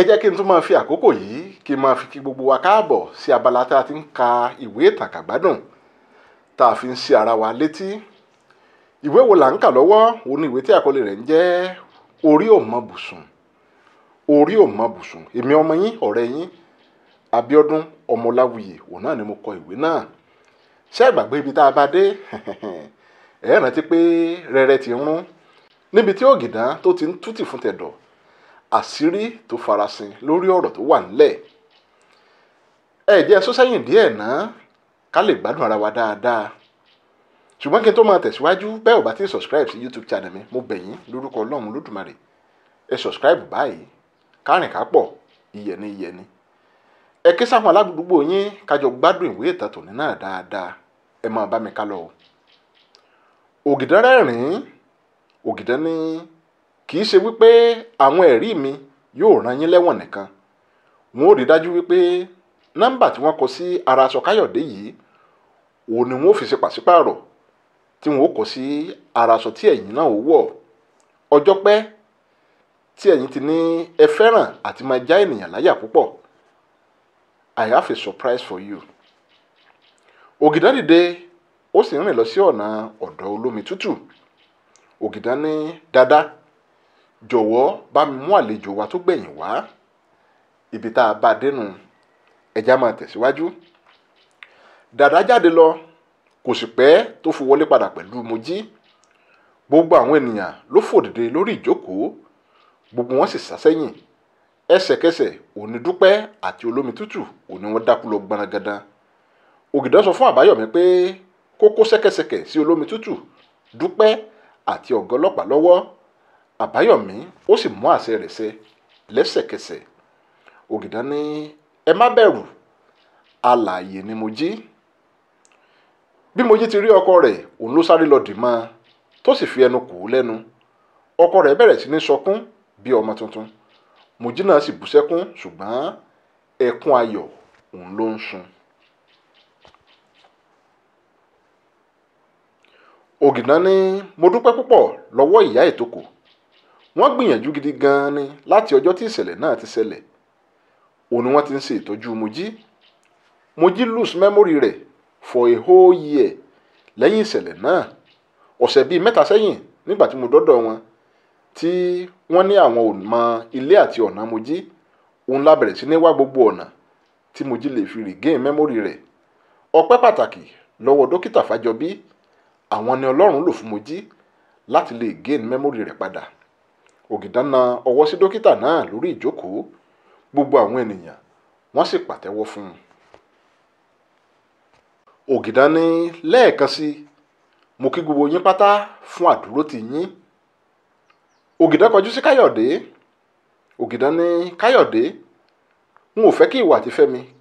ẹ jẹ́ kí n tún máa fi àkókò yìí kí n máa fi kí gbogbo wa káàbọ̀ sí abala tá ti ń ka ìwé ìtàkàgbádùn tá a fi ń ṣe ara wa létí ìwé wo là ń kà lọ́wọ́ òun ni ìwé tí àkọlé rẹ̀ ń jẹ́ orí ò bùsùn orí ò bùsùn èmi ọmọ yín ọ̀rẹ́ yín Abíọ́dún Ọmọláwuyì òun náà ni mo kọ ìwé náà ṣé ìgbàgbé ibi tá a bá dé rántí ti rún níbi tí tó ti ń tútì fún tẹ̀dọ̀ àṣírí tó farasin lórí ọ̀rọ̀ tó wà ńlẹ̀ ẹ jẹ́ sọ́sẹ́yìn díẹ̀ náà ká lè gbádùn ara wa dáadáa ṣùgbọ́n kí n tó máa tẹ̀síwájú bẹ́ẹ̀ ò bá ti subscribe sí youtube channel mi mo bẹ̀ yín lórúkọ ọlọ́run olódùmarè ẹ subscribe báyìí kárìn ká pọ̀ ìyẹ̀ni ìyẹ̀ni ẹ ké sáwọn aládùúgbò yín kájọ gbádùn ìwé ìtàn tòní náà dáadáa ẹ máa bá mi ká lọ. ògìdán ín ògìdán ní. Ni kìí í ṣe wípé àwọn ẹ̀rí mi yóò rán yín lẹ́wọ̀n nìkan wọn ò rí dájú wípé nọ́mbà tí wọ́n kọ sí ara aṣọ káyọ̀dé yìí òun ni wọn ò fi ṣe pàṣípààrọ̀ tí wọn ò kọ sí ara aṣọ tí náà ò wọ̀ ọjọ́ pẹ́ tí ẹ̀yin ti ní ẹ fẹ́ràn àti máa já ènìyàn láyà I have a surprise for you dìde ó sì ń lọ sí ọ̀nà olómi tútù ní dáadáa jọ̀wọ́ bá mi mú àlejò wa tó gbẹ̀yìn wá ibi tá a bá a dénú ẹja máa tẹ̀síwájú dàdá jáde lọ kò sì pẹ́ tó fi wọlé padà pẹ̀lú mojí gbogbo àwọn ènìyàn ló fò dìde lórí ìjókòó gbogbo wọn sì sá sẹ́yìn ẹsẹ̀kẹsẹ̀ òní dúpẹ́ àti olómi tútù òní wọn dákú lọ gbanagada ògìdán sọ fún àbáyọ̀mí pé kókó sẹ́kẹsẹkẹ̀ sí olómi tútù dúpẹ́ àti ọ̀gá ọlọ́pàá lọ́wọ́ àbáyọ̀mí ó sì mú àṣẹ rẹ̀ ṣẹ lẹ́sẹ̀kẹsẹ̀ ògìdán ní ẹ má bẹ̀rù alààyè ni mo jí bí mo jí ti rí ọkọ rẹ̀ òun ló sáré lọ dì mọ́ tó sì fi ẹnu kù ú lẹ́nu ọkọ rẹ̀ bẹ̀rẹ̀ sí ní sọkún bí ọmọ tuntun mojí náà sì bú sẹ́kún ṣùgbọ́n ẹkún ayọ̀ òun ló ń sun. ògìdán ní mo dúpẹ́ púpọ̀ lọ́wọ́ ìyá ìtòkò wọ́n gbìyànjú gidi gan-an ni láti ọjọ́ tí ìṣẹ̀lẹ̀ náà ti ṣẹlẹ̀ òun ni wọ́n ti ń ṣe ìtọ́jú Mojí Mojí lose memory rẹ̀ for a whole year lẹ́yìn ìṣẹ̀lẹ̀ náà ọ̀sẹ̀ bíi mẹ́ta sẹ́yìn nígbà tí mo dọ́dọ̀ wọn tí wọ́n ní àwọn ò mọ ilé àti ọ̀nà Mojí òun la bẹ̀rẹ̀ sí ní wá gbogbo ọ̀nà tí Mojí lè fi regain memory rẹ̀ ọpẹ́ pàtàkì lọ́wọ́ dókítà Fájọbí àwọn ni Ọlọ́run lò fún Mojí láti lè gain memory rẹ̀ padà. ògìdá na ọwọ́ sí dókítà náà lórí ìjókòó gbogbo àwọn ènìyàn wọ́n sì pàtẹ́wọ́ fún un. ògìdá ní lẹ́ẹ̀kan sí mo kí gbogbo yín pátá fún àdúró ti yín ògìdá kọjú sí káyọ̀dé ògìdá ní káyọ̀dé n ò fẹ́ kí ìwà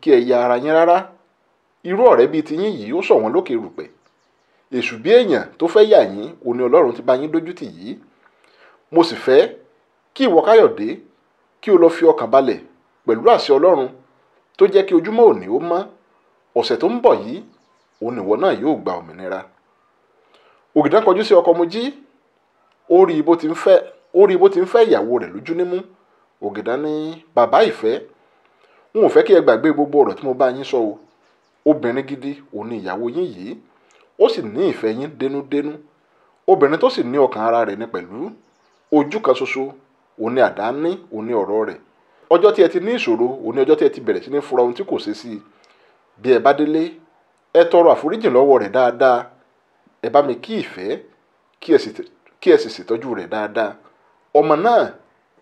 kí ẹ ya ara yín rárá irú ọ̀rẹ́ bíi yìí ó wọ́n lókè rùpẹ̀ èṣù bí èèyàn tó fẹ́ yà yín òní ọlọ́run ti bá yín dójú tì yìí mo sì fẹ́ kí ìwọ káyọ̀dé kí o lọ fi ọkàn balẹ̀ pẹ̀lú àṣẹ ọlọ́run tó jẹ́ kí ojúmọ́ òní ó mọ́ ọ̀sẹ̀ tó ń bọ̀ yìí òun ìwọ náà yóò gba òmìnira ògìdán kọjú sí ọkọ mojí ó rí ó rí bó ti ń fẹ́ ìyàwó rẹ̀ lójú nímú ògìdán ní bàbá ìfẹ́ n ò fẹ́ kí ẹ gbàgbé gbogbo ọ̀rọ̀ tí mo bá yín sọ o obìnrin gidi òun ni ìyàwó yín yìí ó sì ní ìfẹ́ yín dénúdénú obìnrin tó sì ní ọkàn ara rẹ̀ ni pẹ̀lú ojú kan ṣoṣo òun ni àdá ní òun ọ̀rọ̀ rẹ̀ ọjọ́ tí ẹ ti ní ìṣòro òní ọjọ́ tí ẹ ti bẹ̀rẹ̀ sí ní fura ohun tí kò ṣe sí i bí ẹ bá délé ẹ tọrọ àforíjì lọ́wọ́ rẹ̀ dáadáa ẹ bá mi kí ìfẹ́ kí ẹ ọmọ náà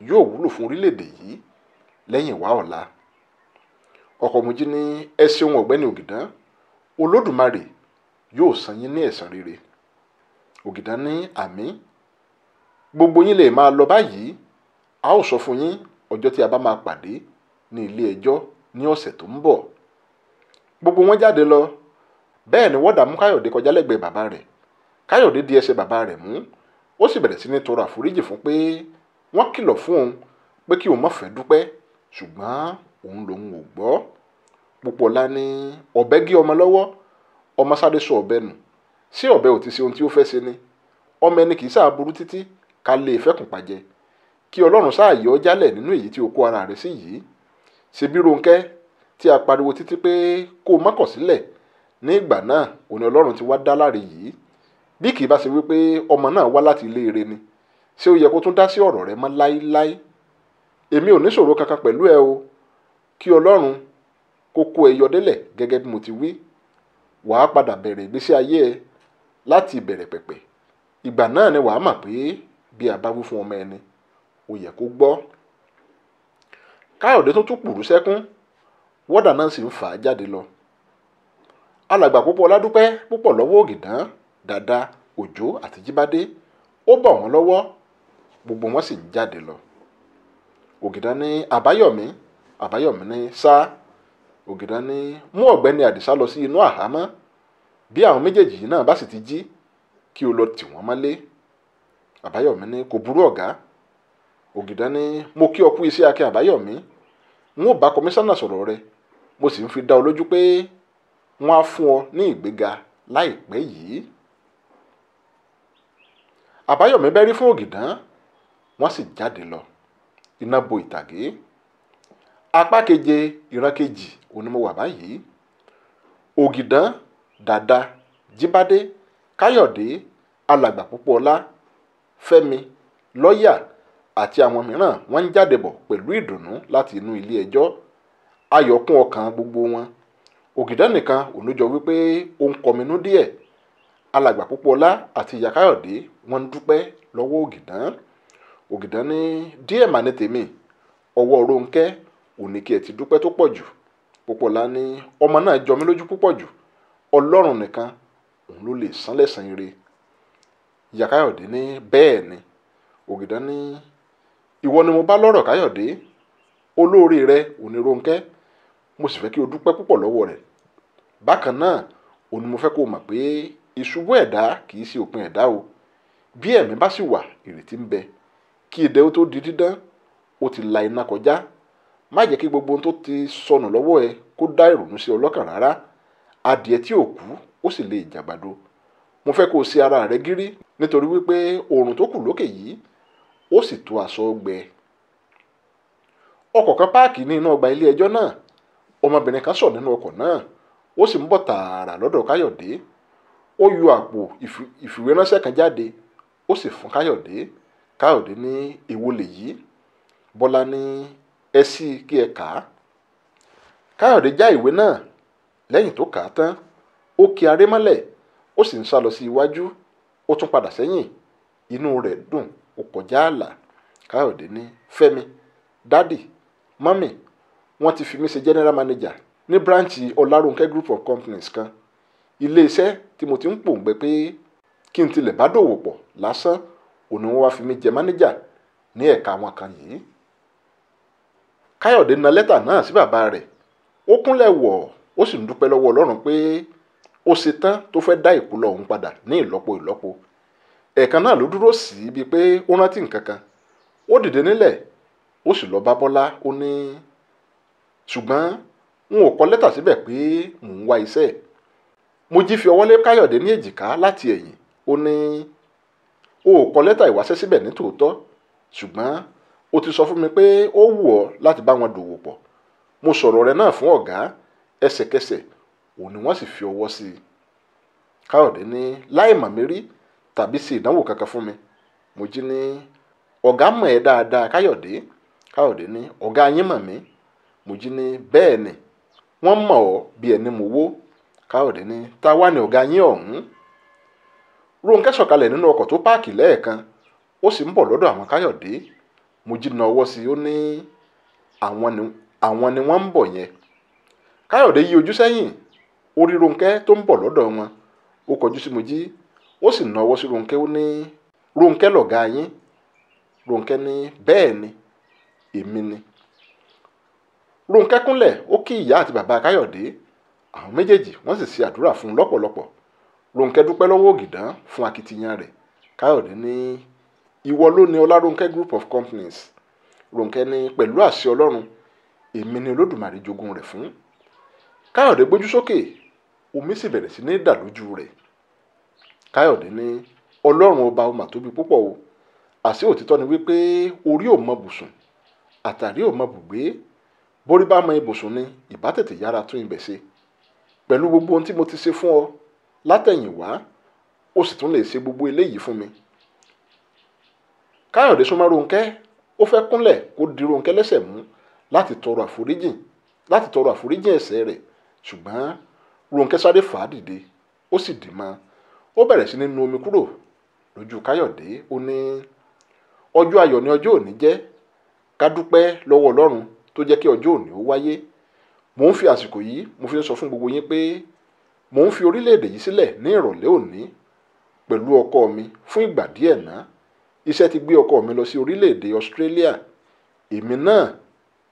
yóò wúlò fún orílẹ̀-èdè yìí lẹ́yìn ọ̀la ọkọ̀ mojí ní ẹ ṣeun ọ̀gbẹ́ni ògìdán olódùmarè rere ògìdán ní gbogbo yín lè máa lọ báyìí a ó sọ fún yín ọjọ́ tí a bá máa pàdé ní ilé ẹjọ́ ní ọ̀sẹ̀ tó ń bọ̀ gbogbo wọn jáde lọ bẹ́ẹ̀ ni wọ́dà mú káyọ̀dé kọjá lẹ́gbẹ̀ẹ́ bàbá rẹ̀ káyọ̀dé di ẹsẹ̀ bàbá rẹ̀ mú ó sì bẹ̀rẹ̀ sí ní tọrọ àforíjì fún pé wọ́n kìlọ̀ fún òun pé kí òun má fẹ́ dúpẹ́ ṣùgbọ́n òun lòun ò gbọ́ Pópọ̀lá ní ọ̀bẹ gé ọmọ lọ́wọ́ ọmọ sáré sọ ọ̀bẹ nù sí ọ̀bẹ ò ti ṣe ohun tí ó fẹ́ ṣe ni ọmọ ẹni kì í sáà burú títí ká lé e fẹ́kùn pàjẹ́ kí ọlọ́run sáà yọ ọ́ jálẹ̀ nínú èyí tí o kó ara rẹ̀ sí yìí ṣebí Ronkẹ́ tí a pariwo títí pé kó o mọ́kàn sílẹ̀ ní ìgbà náà òní ọlọ́run ti wá dá láre yìí bí kì í bá ṣe wípé ọmọ náà wá láti ilé ire ni ṣé ó yẹ kó tún dá sí ọ̀rọ̀ rẹ mọ́ láíláí èmi ò níṣòro kankan pẹ̀lú ẹ o kí ọlọ́run kó kó ẹ yọdélẹ̀ gẹ́gẹ́ bí mo ti wí wàá padà bẹ̀rẹ̀ ìgbésí ayé ẹ láti ìbẹ̀rẹ̀ pẹ̀pẹ̀ ìgbà náà ni wàá mà pé bí a bá wí fún ọmọ ẹni ó yẹ kó gbọ́ káyọ̀dé tó tún pùrù sẹ́kún wọ́dà náà sì ń fà á jáde lọ alàgbà púpọ̀ ládùpẹ́ púpọ̀ lọ́wọ́ ògìdán dàda òjó àti jíbádé ó bọ̀ wọ́n lọ́wọ́ gbogbo wọn sì ń jáde lọ ògìdán ní àbáyọ̀mí àbáyọ̀mí ní sá ògìdán ní mú ọ̀gbẹ́ni àdìsá lọ sí inú àhámọ́ bí àwọn méjèèjì náà bá sì ti jí kí o lọ tì wọ́n mọ́lé àbáyọ̀mí ní kò burú ọ̀gá ògìdán ní mo kí ọ kú iṣẹ́ akin àbáyọ̀mí n ó bá kọmíṣánná sọ̀rọ̀ rẹ mo sì ń fi dá ọ lójú pé wọ́n á fún ọ ní ìgbéga láìpẹ́ yìí àbáyọ̀mí bẹ́rí fún ògìdán wọ́n sì jáde lọ iná bo ìtàgé apá keje ìran kejì onímọ̀wà báyìí ògìdán dàda jíbádé káyọ̀dé alàgbà púpọ̀ ọlá fẹ́mi lọ́ọ̀yà àti àwọn mìíràn wọ́n ń jáde bọ̀ pẹ̀lú ìdùnnú láti inú ilé ẹjọ́ ayọ̀kún ọkàn gbogbo wọn ògìdán nìkan ònújọ wípé ó ń kọminú díẹ̀ alàgbà púpọ̀lá àti ìyá káyọ̀dé wọ́n ń dúpẹ́ lọ́wọ́ ògìdán ògìdán ní díẹ̀ mà ní tèmi ọwọ́ ronkẹ́ òní kí ẹ ti dúpẹ́ tó pọ̀ jù púpọ̀lá ní ọmọ náà jọ lójú púpọ̀ jù ọlọ́run nìkan òun ló lè san ire ìyá káyọ̀dé ní bẹ́ẹ̀ ni ògìdán ní ìwọ ni mo bá lọ́rọ̀ káyọ̀dé olóore rẹ òní ronkẹ́ mo sì fẹ́ kí o dúpẹ́ púpọ̀ lọ́wọ́ rẹ̀ bákan náà òní mo fẹ́ kó o mọ̀ pé ìṣubú ẹ̀dá kì í ṣe òpin ẹ̀dá o bí ẹ̀mí bá sì wà ìrètí ń bẹ kí idẹ ó tó di dídán ó ti la iná kọjá má jẹ́ kí gbogbo ohun tó ti sọnù lọ́wọ́ ẹ kó dá ìrònú sí ọlọ́kàn rárá adìẹ tí ò kú ó sì lè jàgbàdo mo fẹ́ kó o ara rẹ gírí nítorí wípé oòrùn tó kù lókè yìí ó sì tu aṣọ gbẹ. ọkọ̀ kan páàkì ní inú ọgbà ilé ẹjọ́ náà ọmọbìnrin kan sọ nínú ọkọ̀ náà ó sì ń bọ̀ tààrà lọ́dọ̀ káyọ̀dé ó yọ àpò ìfìwéránṣẹ́ kan jáde ó sì fún káyọ̀dé káyọ̀dé ní èwo bọ́lá ní ẹ sí kí ẹ kà á káyọ̀dé já ìwé ó sì ń sá lọ sí iwájú ó tún padà sẹ́yìn inú rẹ̀ dùn ó kọjá ààlà káyọ̀dé ní fẹ́mi dádì mọ́mì wọ́n ti fi mí ṣe general manager ní bíráǹchì ọláròǹkẹ́ group of companies kan iléeṣẹ́ tí mo ti ń pòǹgbẹ pé kí n tilẹ̀ bá dòwò pọ̀ lásán òní wọn wá fi mí jẹ manager ní ẹ̀ka wọn kan yìí káyọ̀dé na lẹ́tà náà sí bàbá rẹ̀ ó kúnlẹ̀ wọ̀ ó sì ń dúpẹ́ lọ́wọ́ ọlọ́run pé ó ṣe tán tó fẹ́ dá ìkúlọ òun padà ní ìlọ́po ìlọ́po ẹ̀ẹ̀kan náà ló dúró sí ibi pé ó rántí nǹkan kan ó dìde nílẹ̀ ó sì lọ bá bọ́lá ó ní ṣùgbọ́n n ò kọ lẹ́tà síbẹ̀ pé mò ń wá iṣẹ́ mo jí fi ọwọ́ lé káyọ̀dé ní èjìká láti ẹ̀yìn ó ní o ò kọ lẹ́tà ìwáṣẹ́ síbẹ̀ ní tòótọ́ ṣùgbọ́n o ti sọ fún mi pé ó wù ọ́ láti bá wọn dòwò pọ̀ mo sọ̀rọ̀ rẹ náà fún ọ̀gá ẹsẹ̀kẹsẹ̀ òun ni wọ́n sì fi ọwọ́ sí i káyọ̀dé ní láì mà tàbí sí ìdánwò kankan fún mi mo jí ní ọ̀gá mọ̀ ẹ́ dáadáa káyọ̀dé káyọ̀dé ní ọ̀gá yín mọ̀ mí mo jí ní bẹ́ẹ̀ ni wọ́n mọ̀ ọ bí ẹni mo wó káyọ̀dé ní ta wá ní ọ̀gá yín ọ̀hún Rónkẹ́ sọ̀kalẹ̀ nínú ọkọ̀ tó páàkì lẹ́ẹ̀kan ó sì ń bọ̀ lọ́dọ̀ àwọn káyọ̀dé mo jí na ọwọ́ sí i ó ní àwọn ni wọ́n ń bọ̀ yẹn káyọ̀dé yí ojú sẹ́yìn ó rí Ronkẹ́ tó ń bọ̀ lọ́dọ̀ wọn ó kọjú sí Mojí ó sì náwó sí Ronkẹ́ ó ní Ronkẹ́ lọ̀gá yín Ronkẹ́ ní bẹ́ẹ̀ ni èmi ni Ronkẹ́ kúnlẹ̀ ó kí ìyá àti bàbá Káyọ̀dé àwọn méjèèjì wọ́n sì ṣe àdúrà fún un lọ́pọ̀lọpọ̀ Ronkẹ́ dúpẹ́ lọ́wọ́ Ògìdán fún akitiyan rẹ̀ Káyọ̀dé ní ìwọ ló ní Ọláronkẹ́ group of companies Ronkẹ́ ní pẹ̀lú àṣẹ Ọlọ́run èmi ni Olódùmarè jogún rẹ̀ fún Káyọ̀dé gbójú sókè omi sì bẹ̀rẹ̀ sí ní dà lójú rẹ̀ káyọ̀dé ní ọlọ́run ọba ó mà tóbi púpọ̀ o àṣé òtítọ́ ni wípé orí ò mọ bùsùn àtàrí ò mọ bùgbé borí bá mọ ibùsùn ni ìbá tètè yára tún ibẹ̀ ṣe pẹ̀lú gbogbo ohun tí mo ti ṣe fún ọ látẹ̀yìnwá o sì tún lè ṣe gbogbo eléyìí fún mi káyọ̀dé súnmọ́ ronkẹ́ ó fẹ́ kúnlẹ̀ kó di ronkẹ́ lẹ́sẹ̀ mú láti tọrọ àforíjìn láti tọrọ àforíjìn ẹ̀ṣẹ̀ rẹ̀ ṣùgbọ́n Rónkẹ́ sáré fà á dìde ó sì dì mọ́ ó bẹ̀rẹ̀ sí ní nu omi kúrò lójú Káyọ̀dé ó ní ọjọ́ ayọ̀ ni ọjọ́ òní jẹ́ ká dúpẹ́ lọ́wọ́ Ọlọ́run tó jẹ́ kí ọjọ́ òní ó wáyé mò ń fi àsìkò yìí mo fi ń sọ fún gbogbo yín pé mò ń fi orílẹ̀-èdè yìí sílẹ̀ ní ìrọ̀lẹ́ òní pẹ̀lú ọkọ mi fún ìgbà díẹ̀ ná iṣẹ́ ti gbé ọkọ mi lọ sí orílẹ̀-èdè Australia èmi náà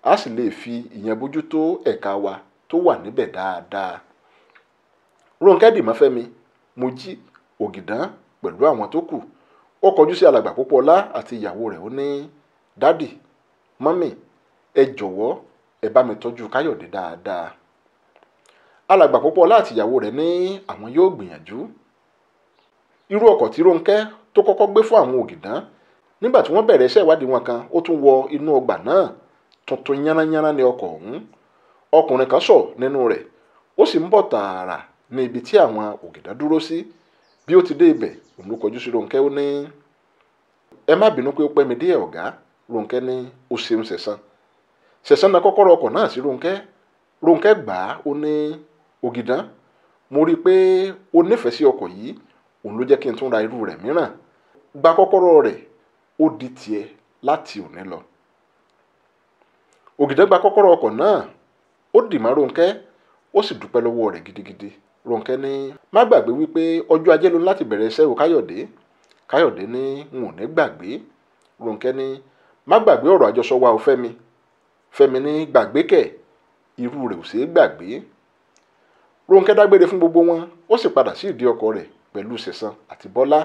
a sì lè fi ìyẹn bójútó ẹ̀ka wa tó wà níbẹ̀ dáadáa Rónkẹ́ Dìmọ́fẹ́mi Mojí Ògìdán pẹ̀lú àwọn tó kù ó kọjú sí alàgbà Pópóọlá àti ìyàwó rẹ̀ ó ní dádì mọ́mì ẹ jọ̀wọ́ ẹ bá mi tọ́jú Káyọ̀dé dáadáa alàgbà Pópóọlá àti ìyàwó rẹ̀ ní àwọn yóò gbìyànjú irú ọkọ̀ tí Rónkẹ́ tó kọ́kọ́ gbé fún àwọn Ògìdán nígbà tí wọ́n bẹ̀rẹ̀ iṣẹ́ ìwádìí wọn kan ó tún wọ inú ọgbà náà tuntun yánnayánna ni ọkọ̀ ọ̀hún ọkùnrin kan sọ̀ nínú rẹ̀ ó sì ń bọ̀ tààrà ní ibi tí àwọn ògìdá dúró sí bí ó ti dé ibẹ̀ òun ló kọjú sí Rónkẹ́ ó ní ẹ má bínú pé ó pẹ́ mi dé ọ̀gá Rónkẹ́ ní ó ṣeun ṣẹ̀san ṣẹ̀san na kọ́kọ́rọ́ ọkọ̀ náà sí Rónkẹ́ Rónkẹ́ gbà á ó ní ògìdán mo rí i pé o nífẹ̀ẹ́ sí ọkọ̀ yìí òun ló jẹ́ kí n tún ra irú rẹ̀ mìíràn gba kọ́kọ́rọ́ rẹ̀ ó di tiẹ̀ láti òní lọ ògìdán gba kọ́kọ́rọ́ ọkọ̀ náà ó dì mọ́ Rónkẹ́ ó sì dúpẹ́ lọ́wọ́ rẹ̀ gidigidi. Ronke ní má gbàgbé wípé ọjọ́ ajé ló ní láti bẹ̀rẹ̀ iṣẹ́ o Káyọ̀dé Káyọ̀dé ní n ò ní gbàgbé Ronke ní má gbàgbé ọ̀rọ̀ àjọsọ wa o Fẹ́mi Fẹ́mi ní gbàgbé kẹ̀ irú rẹ̀ ò ṣeé gbàgbé Ronke dágbére fún gbogbo wọn ó sì padà sí ìdí ọkọ̀ rẹ̀ pẹ̀lú Sẹ̀san àti Bọ́lá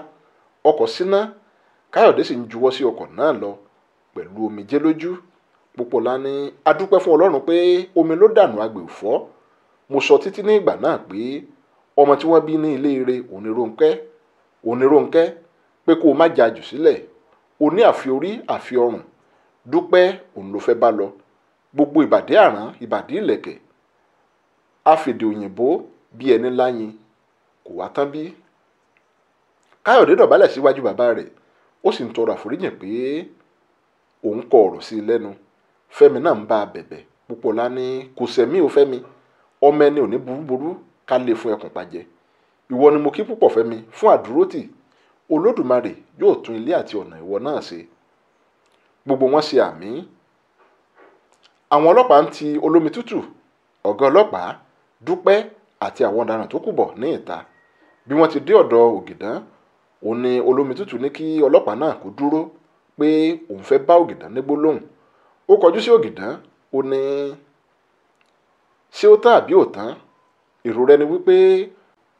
ọkọ̀ síná Káyọ̀dé sì ń juwọ́ sí ọkọ̀ náà lọ pẹ̀lú omijé lójú Pópóọlá ní adúpẹ́ fún Ọlọ́run pé omi ló dànù agbè òfọ́ mo sọ títí ní ìgbà náà pé ọmọ tí wọ́n bí ní ilé ire ònírónkẹ́ ònírónkẹ́ pé kó o má jà jù sílẹ̀ o àfiorí àfiọrùn òun ló bá lọ gbogbo ìbàdí àrán ìbàdí ìlẹ̀kẹ̀ àfèdè òyìnbó bí ẹni láyin kò wá tán bí. káyọ̀dé dọ̀bálẹ̀ síwájú bàbá rẹ̀ ó sì ń tọrọ àforíjìn pé òun kọ ọ̀rọ̀ sí i lẹ́nu fẹ́mi náà ń bá a bẹ̀bẹ̀ ọmọ ẹni ò ní burúburú ká lè fún ẹkùn pàjẹ́ ìwọ ni mo kí púpọ̀ fẹ́ mi fún àdúrótì olódùmarè yóò tún ilé àti ọ̀nà ìwọ náà ṣe gbogbo wọn ṣe àmì àwọn ọlọ́pàá ń ti olómi tútù ọ̀gá ọlọ́pàá dúpẹ́ àti àwọn ọ̀daràn tó kù bọ̀ ní ìta bí wọ́n ti dé ọ̀dọ̀ ògìdán òun ni olómi tútù ní kí ọlọ́pàá náà kó dúró pé òun fẹ́ bá ògìdán ní gbólóhùn ó kọjú sí ògìdán ó ní. Ni ṣé ó tán àbí ò tán èrò rẹ ni wípé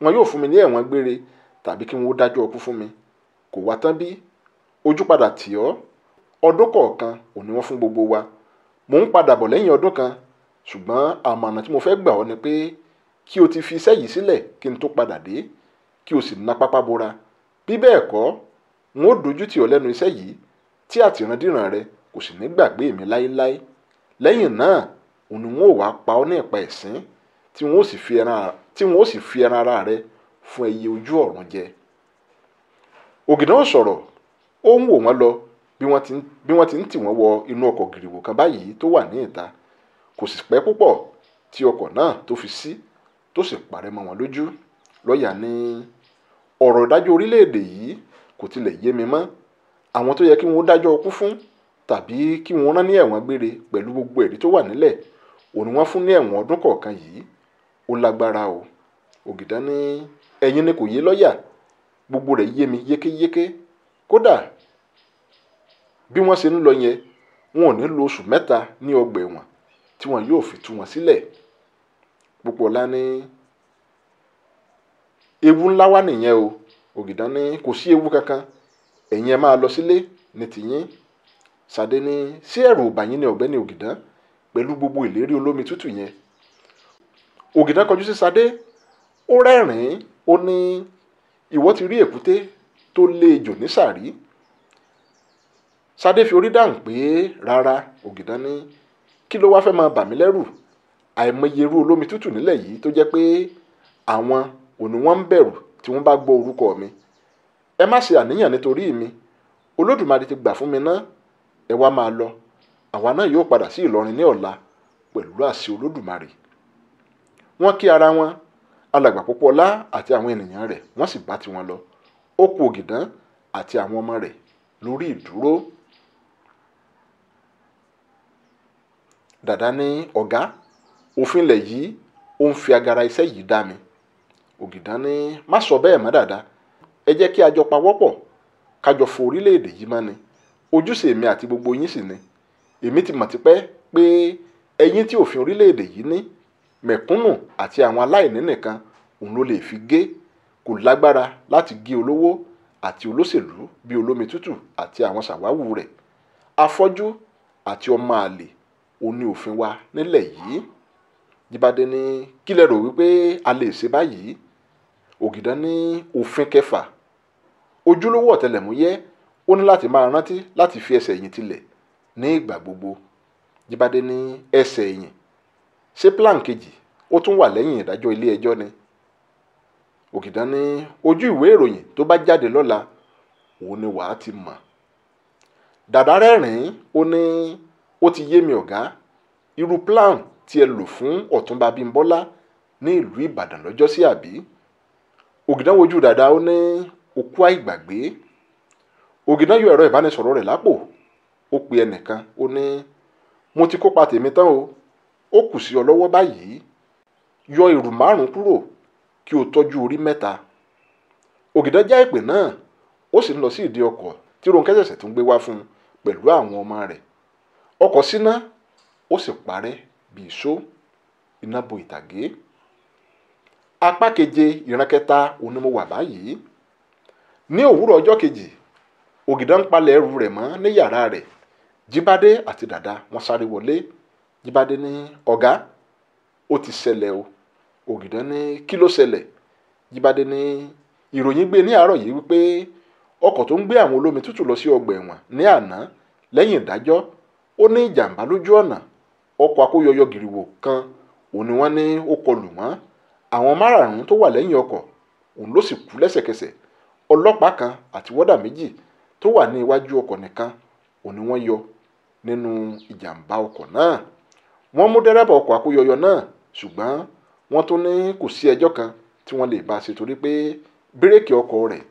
wọn yóò fún mi ní ẹ̀wọ̀n gbére tàbí kí wọn ó dájọ́ ọkú fún mi kò wá tán bí ojú padà tì ọ́ ọdún kọ̀ọ̀kan ò ní wọ́n fún gbogbo wa mò ń padà bọ̀ lẹ́yìn ọdún kan ṣùgbọ́n àmọ̀nà tí mo fẹ́ gbà ọ ni pé kí o ti fi iṣẹ́ yìí sílẹ̀ kí n tó padà dé kí o sì na pápá bora bí bẹ́ẹ̀ kọ́ n ó dojú tì ọ́ lẹ́nu iṣẹ́ yìí tí àtìrandíran rẹ kò sì ní gbàgbé mi láéláé lẹ́yìn náà òun ni wọn ò wá pa ọ́ ní ìpa ẹ̀sín tí wọn ò sì fi ẹran ara rẹ fún ẹyẹ ojú ọ̀run jẹ ògìdán sọ̀rọ̀ ó ń wò wọ́n lọ bí wọ́n ti ń tì wọ́n wọ inú ọkọ̀ gìrìwò kan báyìí tó wà ní ìta kò sì pẹ́ púpọ̀ tí ọkọ̀ náà tó fi sí tó sì parẹ́ mọ́ wọn lójú lọ́ọ̀yà ní ọ̀rọ̀ ìdájọ́ orílẹ̀-èdè yìí kò tilẹ̀ yé mi mọ́ àwọn tó yẹ kí wọ́n dájọ́ ikú fún tàbí kí wọ́n rán ní ẹ̀wọ̀n gbére pẹ̀lú gbogbo ẹ̀rí tó wà nílẹ̀ òun ni wọ́n fún ní ẹ̀wọ̀n ọdún kọ̀ọ̀kan yìí ó lágbára o Ògìdán ní ẹ̀yin ni kò yé lọ́ọ̀yà gbogbo rẹ̀ yé mi yékéyéké kódà bí wọ́n ṣe ń lọ yẹn wọn ò ní lo oṣù mẹ́ta ní ọgbà ẹ̀wọ̀n tí wọn yóò fi tú wọn sílẹ̀ Pópóọlá ní ewu ńlá wà nìyẹn o Ògìdán ní kò sí ewu kankan ẹ̀yin ẹ máa lọ sílé ní tìyín Ṣadé ní ṣé ẹ̀rù ò ní ọ̀gbẹ́ni Ògìdán pẹ̀lú gbogbo ìlérí olómi tútù yẹn ògìdán kọjú sí sadé ó rẹ́rìn-ín ó ní ìwọ ti rí èkúté tó lé ejò ní sàrí sadé fi orí dáhùn pé rárá ògìdán ní kí ló wá fẹ́ máa bà mí lẹ́rù àìmọye irú olómi tútù nílẹ̀ yìí tó jẹ́ pé àwọn òní wọ́n ń bẹ̀rù tí wọ́n bá gbọ́ orúkọ mi ẹ má ṣe àníyàn nítorí mi olódùmarè ti gbà fún mi ná ẹ wá máa lọ àwa náà yóò padà sí Ìlọrin ní ọ̀la pẹ̀lú àṣẹ Olódùmarè wọ́n kí ara wọn alàgbà Pópóọlá àti àwọn ènìyàn rẹ̀ wọ́n sì bá tiwọn lọ ó kù Ògìdán àti àwọn ọmọ rẹ̀ lórí ìdúró dàdá ní ọ̀gá òfin ilẹ̀ yìí ó ń fi agara iṣẹ́ yìí dá mi Ògìdán ní má sọ bẹ́ẹ̀ mọ́ dàdá ẹ jẹ́ kí a jọ pawọ́pọ̀ ká jọ fo orílẹ̀-èdè yìí mọ́ ni ojúṣe mi àti gbogbo yín sì ni èmi ti mọ̀ tipẹ́ pé ẹ̀yìn tí òfin orílẹ̀-èdè yìí ní mẹ̀kúnnù àti àwọn aláìní nìkan òun ló lè fi gé kò lágbára láti gé olówó àti olóṣèlú bíi olómi tútù àti àwọn ṣàwáwù rẹ̀ afọ́jú àti ọmọ àlè òun ni òfin wa nílẹ̀ yìí jíbádé ní kílẹ̀ rò wípé a lè ṣe báyìí ògìdán ní òfin kẹfà ojúlówó ọ̀tẹlẹ̀múyẹ́ ó ní láti máa rántí láti fi ẹsẹ̀ yìí tilẹ̀ ní ìgbà gbogbo jíbádé ní ẹsẹ̀ ẹ̀yìn ṣé plan kejì ó tún wà lẹ́yìn ìdájọ́ ilé ẹjọ́ ni òkìdá ní ojú ìwé ìròyìn tó bá jáde lọ́la òun ni wàá ti mọ̀ dàdá rẹ́rìn-ín ó ní ó ti yé mi ọ̀gá irú plan tí ẹ lò fún ọ̀túnba bímbọ́lá ní ìlú ìbàdàn lọ́jọ́sí àbí ògìdán wojú dàdá ó ní òkú àìgbàgbé ògìdán yọ ẹ̀rọ ìbánisọ̀rọ̀ rẹ̀ lápò ó pe ẹnìkan ó ní mo ti kópa tèmi tán o ó kù sí ọ lọ́wọ́ báyìí yọ ìrù márùn kúrò kí o tọ́jú orí mẹ́ta já ìpè náà ó sì ń lọ sí ìdí ọkọ̀ tí ṣẹ̀ṣẹ̀ gbé wá fún un pẹ̀lú àwọn ọmọ rẹ̀ ọkọ̀ síná ó sì parẹ́ bí ìṣó iná bo ìtàgé apá keje ìran kẹta òun ni báyìí yàrá rẹ̀ jíbádé àti dàda wọ́n sáré wọlé jíbádé ní ọ̀gá ó ti ṣẹlẹ̀ o ògìdán ní kí ló ṣẹlẹ̀ jíbádé ní ìròyìn gbé e ní àárọ̀ yìí wípé ọkọ̀ tó ń gbé àwọn olómi tútù lọ sí ọgbà ẹ̀wọ̀n ní àná lẹ́yìn ìdájọ́ ó ní ìjàmbá lójú ọ̀nà ọkọ̀ akóyọyọ gìrìwò kan òun ni wọ́n ní ó kọlù wọ́n àwọn márààrún tó wà lẹ́yìn ọkọ̀ òun ló sì kú lẹ́sẹ̀kẹsẹ̀ ọlọ́pàá kan àti wọ́dà méjì tó wà ní iwájú ọkọ̀ nìkan òun ni wọ́n yọ nínú ìjàmbá ọkọ̀ náà wọ́n mú dẹ́rẹ́bà ọkọ̀ akóyọyọ náà ṣùgbọ́n wọ́n tún ní kò sí ẹjọ́ kan tí wọ́n lè bá a ṣe torí pé bírèkì ọkọ̀ rẹ̀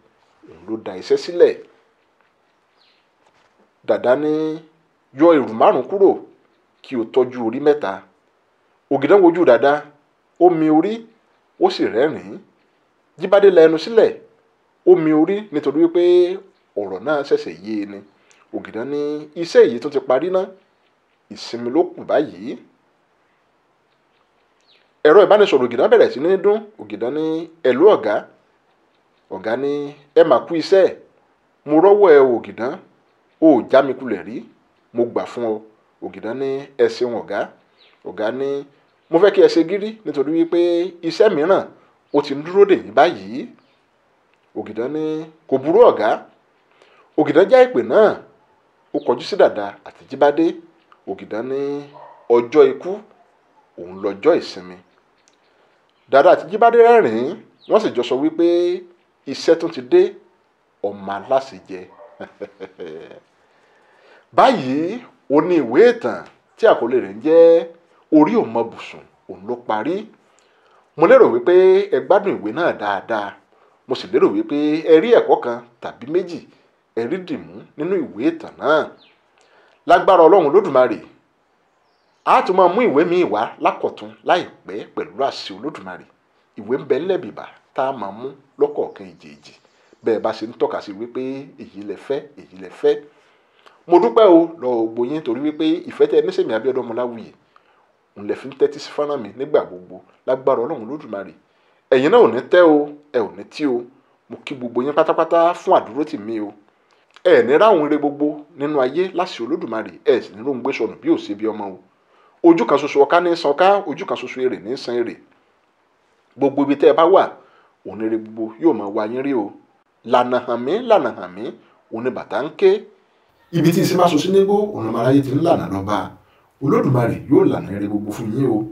ló da iṣẹ́ sílẹ̀ dàdá ní yọ ìrù márùn kúrò kí o tọ́jú orí mẹ́ta ògìdán wojú dàdá ó orí ó sì rẹ́rìn-ín jíbádé la sílẹ̀ ó orí nítorí wípé ọ̀rọ̀ náà ṣẹ̀ṣẹ̀ yé e ni ògìdán ní iṣẹ́ yìí tó ti parí ná ìsinmi ló kù báyìí ẹ̀rọ ìbánisọ̀rọ̀ ògìdán bẹ̀rẹ̀ sí ní dún ògìdán ní ẹ̀lú ọ̀gá ọ̀gá ní ẹ mà kú iṣẹ́ mo rọ́wọ́ ẹ ògìdán ó já mi kulẹ̀ rí mo gbà fún ọ ògìdán ní ẹ ọ̀gá ọ̀gá ní mo fẹ́ kí ẹ ṣe gírí nítorí wípé iṣẹ́ mìíràn ó ti ń dúró dè yín báyìí ògìdán ní kò burú ọ̀gá ògìdán já ìpè náà ó kọjú sí dàda àtìjíbádé ògìdán ní ọjọ́ ikú òun lọ́jọ́ ìsinmi dàda àtìjíbádé rẹ́rìn-ín wọ́n sì jọ sọ wípé iṣẹ́ tún ti dé ọmọ aláṣẹjẹ báyìí ó ní ìwé ìtàn tí àkọlé rẹ̀ ń jẹ́ orí ò òun ló parí mo lérò wípé ẹ gbádùn ìwé náà dáadáa mo sì lérò wípé ẹ rí ẹ̀kọ́ kan tàbí méjì ẹ̀rí dìmú nínú ìwé ìtàn náà lágbára ọlọ́run lódùmarè a tún máa mú ìwé míì wá lákọ̀tún láìpẹ́ pẹ̀lú àṣẹ olódùmarè ìwé ń bẹ ńlẹ̀ bìbà tá a máa mú lọ́kọ̀ọ̀kan èjèèjì bẹ́ẹ̀ bá ṣe ń tọ́ka sí wípé èyí lẹ fẹ́ èyí lẹ fẹ́ mo dúpẹ́ o lọ ògbó yín torí wípé ìfẹ́ tẹ ní sèmi Abíọ́dún Ọmọláwuyì ń lẹ fi ń tẹ́tí sí fọ́nrán mi nígbà gbogbo lágbára ọlọ́run lódùmarè ẹ̀yin náà ò ní tẹ́ o ẹ ò ní tí o mo kí gbogbo yín pátápátá fún àdúró tì mí o ẹ ní ráhùn ire gbogbo nínú ayé láṣẹ olódùmarè ẹ sì ní róńgbé sọnù bí òsè bí ọmọ o ojú kan ṣoṣo ọká ní san ká ojú kan ṣoṣo èrè ní san èrè gbogbo ibi tẹ́ ẹ bá wà òní ire gbogbo yóò máa wá yín rí o lànà hàn mí lànà hàn mí òní bàtà ń ké ibi tí ìsinmi aṣojú nígbó ọ̀nà màráyé ti ń lànà lọ́ba olódùmarè yóò lànà ire gbogbo fún yín o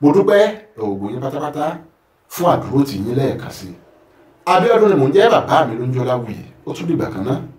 mo dúpẹ́ òògùn yín pátápátá fún àdúró tì yín lẹ́ẹ̀kan sí i Abíọ́dún ni mò ń jẹ́ bàbá mi ló ń ó tún dìgbà kan náà